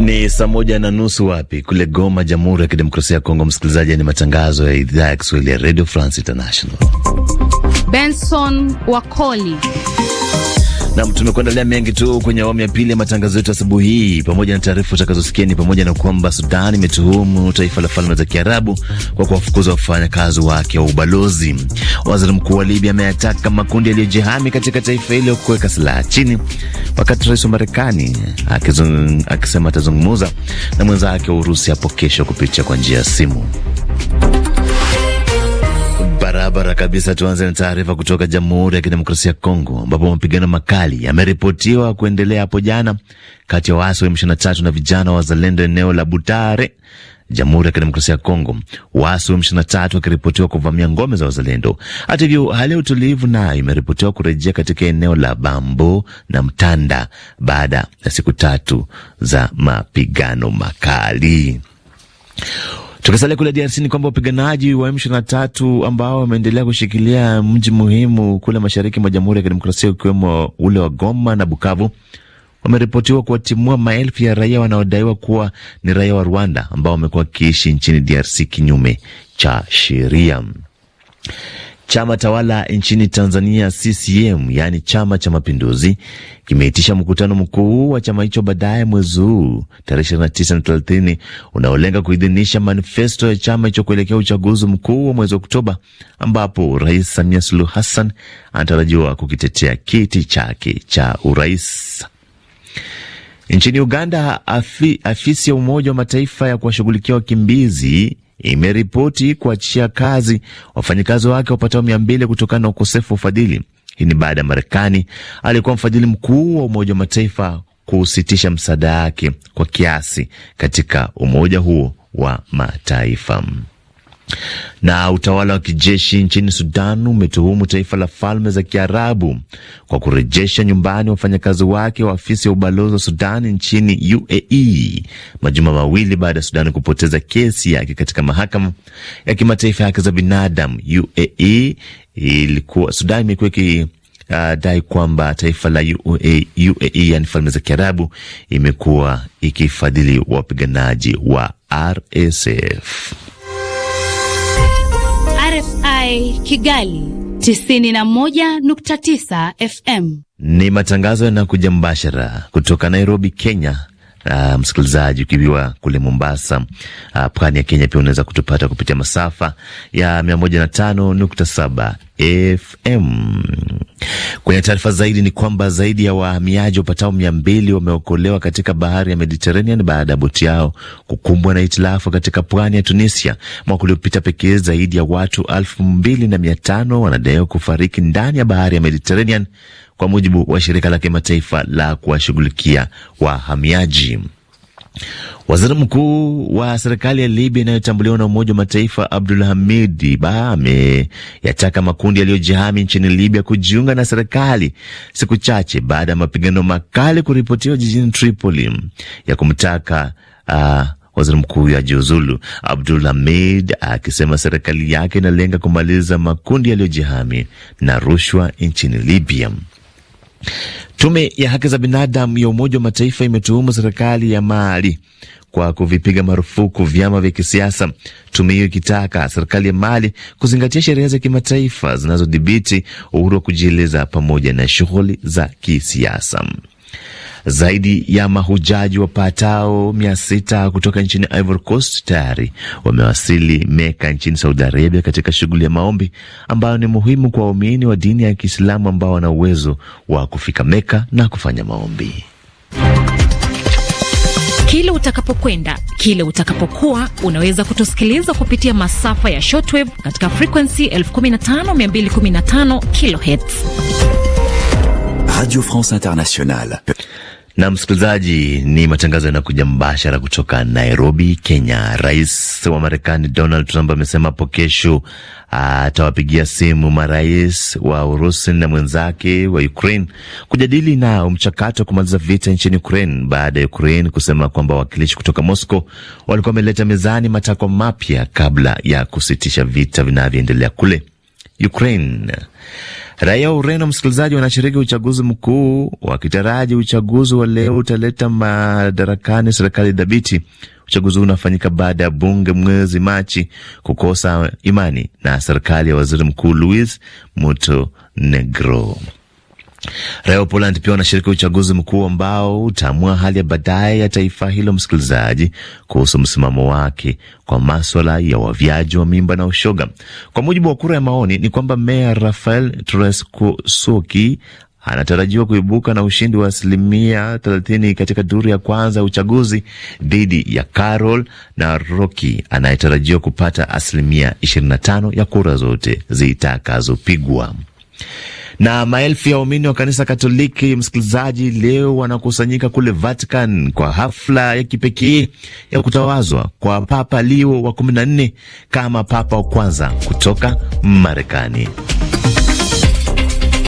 Ni saa moja na nusu wapi kule Goma, Jamhuri ya Kidemokrasia ya Kongo. Msikilizaji, ni matangazo ya idhaa ya Kiswahili ya Radio France International. Benson Wakoli Nam, tumekuandalia mengi tu kwenye awamu ya pili ya matangazo yetu asubuhi hii, pamoja na taarifa utakazosikia ni pamoja na kwamba Sudan imetuhumu taifa la Falme za Kiarabu kwa kuwafukuza wafanyakazi wake wa ubalozi. Waziri Mkuu wa Libya ameyataka makundi yaliyojihami katika taifa hilo kuweka silaha chini, wakati rais wa Marekani akisema atazungumuza na mwenzake wa Urusi hapo kesho kupitia kwa njia ya simu. Barabara kabisa. Tuanze na taarifa kutoka Jamhuri ya Kidemokrasia ya Kongo, ambapo mapigano makali yameripotiwa kuendelea hapo jana kati ya waasi wa M23 na vijana wa wazalendo eneo la Butare, Jamhuri ya Kidemokrasia ya Kongo, waasi wa M23 wakiripotiwa kuvamia ngome za wazalendo. Hata hivyo, hali ya utulivu nayo imeripotiwa kurejea katika eneo la Bambo na Mtanda baada ya siku tatu za mapigano makali. Tukisalia kule DRC ni kwamba wapiganaji wa M23 ambao wameendelea kushikilia mji muhimu kule mashariki mwa Jamhuri ya Kidemokrasia ukiwemo ule wa Goma na Bukavu wameripotiwa kuwatimua maelfu ya raia wanaodaiwa kuwa ni raia wa Rwanda ambao wamekuwa wakiishi nchini DRC kinyume cha sheria. Chama tawala nchini Tanzania CCM, yaani Chama cha Mapinduzi, kimeitisha mkutano mkuu wa chama hicho baadaye mwezi huu tarehe 29 na 30 unaolenga kuidhinisha manifesto ya chama hicho kuelekea uchaguzi mkuu wa mwezi Oktoba, ambapo Rais Samia Suluhu Hassan anatarajiwa kukitetea kiti chake cha urais. Nchini Uganda, afi, afisi ya Umoja wa Mataifa ya kuwashughulikia wakimbizi imeripoti kuachia kazi wafanyakazi wake wapatao mia mbili kutokana na ukosefu wa ufadhili. Hii ni baada ya Marekani aliyekuwa mfadhili mkuu wa Umoja wa Mataifa kusitisha msaada wake kwa kiasi katika umoja huo wa Mataifa. Na utawala wa kijeshi nchini Sudan umetuhumu taifa la Falme za Kiarabu kwa kurejesha nyumbani wafanyakazi wake wa afisi ya ubalozi wa Sudan nchini UAE majuma mawili baada ya Sudan kupoteza kesi yake katika mahakama ya kimataifa ya haki za binadamu. UAE ilikuwa Sudan imekuwa iki Uh, dai kwamba taifa la UAE, UAE yani Falme za Kiarabu imekuwa ikifadhili wapiganaji wa RSF. RFI Kigali 91.9 FM. Ni matangazo yanakuja mbashara kutoka Nairobi, Kenya. Uh, msikilizaji ukiwa kule Mombasa, uh, pwani ya Kenya, pia unaweza kutupata kupitia masafa ya 105.7 FM. Kwenye taarifa zaidi ni kwamba zaidi ya wahamiaji wapatao mia mbili wameokolewa katika bahari ya Mediterranean baada ya boti yao kukumbwa na hitilafu katika pwani ya Tunisia. Mwaka uliopita pekee, zaidi ya watu elfu mbili na mia tano wanadaiwa kufariki ndani ya bahari ya Mediterranean, kwa mujibu wa shirika la kimataifa la kuwashughulikia wahamiaji. Waziri mkuu wa serikali ya Libya inayotambuliwa na Umoja wa Mataifa Abdul Hamid Ba ameyataka makundi yaliyojihami nchini Libya kujiunga na serikali siku chache baada ya mapigano makali kuripotiwa jijini Tripoli ya kumtaka uh, waziri mkuu ya jiuzulu. Abdul Hamid akisema serikali yake inalenga kumaliza makundi yaliyojihami na rushwa nchini Libya. Tume ya haki za binadamu ya Umoja wa Mataifa imetuhumu serikali ya Mali kwa kuvipiga marufuku vyama vya kisiasa, tume hiyo ikitaka serikali ya Mali kuzingatia sheria za kimataifa zinazodhibiti uhuru wa kujieleza pamoja na shughuli za kisiasa. Zaidi ya mahujaji wapatao mia sita kutoka nchini Ivory Coast tayari wamewasili Meka nchini Saudi Arabia katika shughuli ya maombi ambayo ni muhimu kwa waumini wa dini ya Kiislamu ambao wana uwezo wa kufika Meka na kufanya maombi. Kile utakapokwenda kile utakapokuwa, unaweza kutusikiliza kupitia masafa ya shortwave katika frekuensi 15215 kilohertz. Radio France Internationale. Na msikilizaji, ni matangazo yanakuja mbashara kutoka Nairobi, Kenya. Rais wa Marekani Donald Trump amesema hapo kesho ah, atawapigia simu marais wa Urusi na mwenzake wa Ukraine kujadili nao mchakato wa kumaliza vita nchini Ukraine baada ya Ukraine kusema kwamba wawakilishi kutoka Moscow walikuwa wameleta mezani matakwa mapya kabla ya kusitisha vita vinavyoendelea kule. Ukraine. Raia wa Ureno, msikilizaji, wanashiriki uchaguzi mkuu wakitaraji uchaguzi wa leo utaleta madarakani serikali dhabiti. Uchaguzi huu unafanyika baada ya bunge mwezi Machi kukosa imani na serikali ya waziri mkuu Luis Montenegro. Raia wa Poland pia wanashiriki uchaguzi mkuu ambao utaamua hali ya baadaye ya taifa hilo, msikilizaji, kuhusu msimamo wake kwa maswala ya wavyaji wa mimba na ushoga. Kwa mujibu wa kura ya maoni, ni kwamba meya Rafael Trzaskowski anatarajiwa kuibuka na ushindi wa asilimia 30 katika duru ya kwanza ya uchaguzi dhidi ya Carol na Roki anayetarajiwa kupata asilimia 25 ya kura zote zitakazopigwa. Na maelfu ya waumini wa kanisa Katoliki, msikilizaji, leo wanakusanyika kule Vatican kwa hafla ya kipekee ya kutawazwa kwa Papa Leo wa 14 kama Papa wa kwanza kutoka Marekani.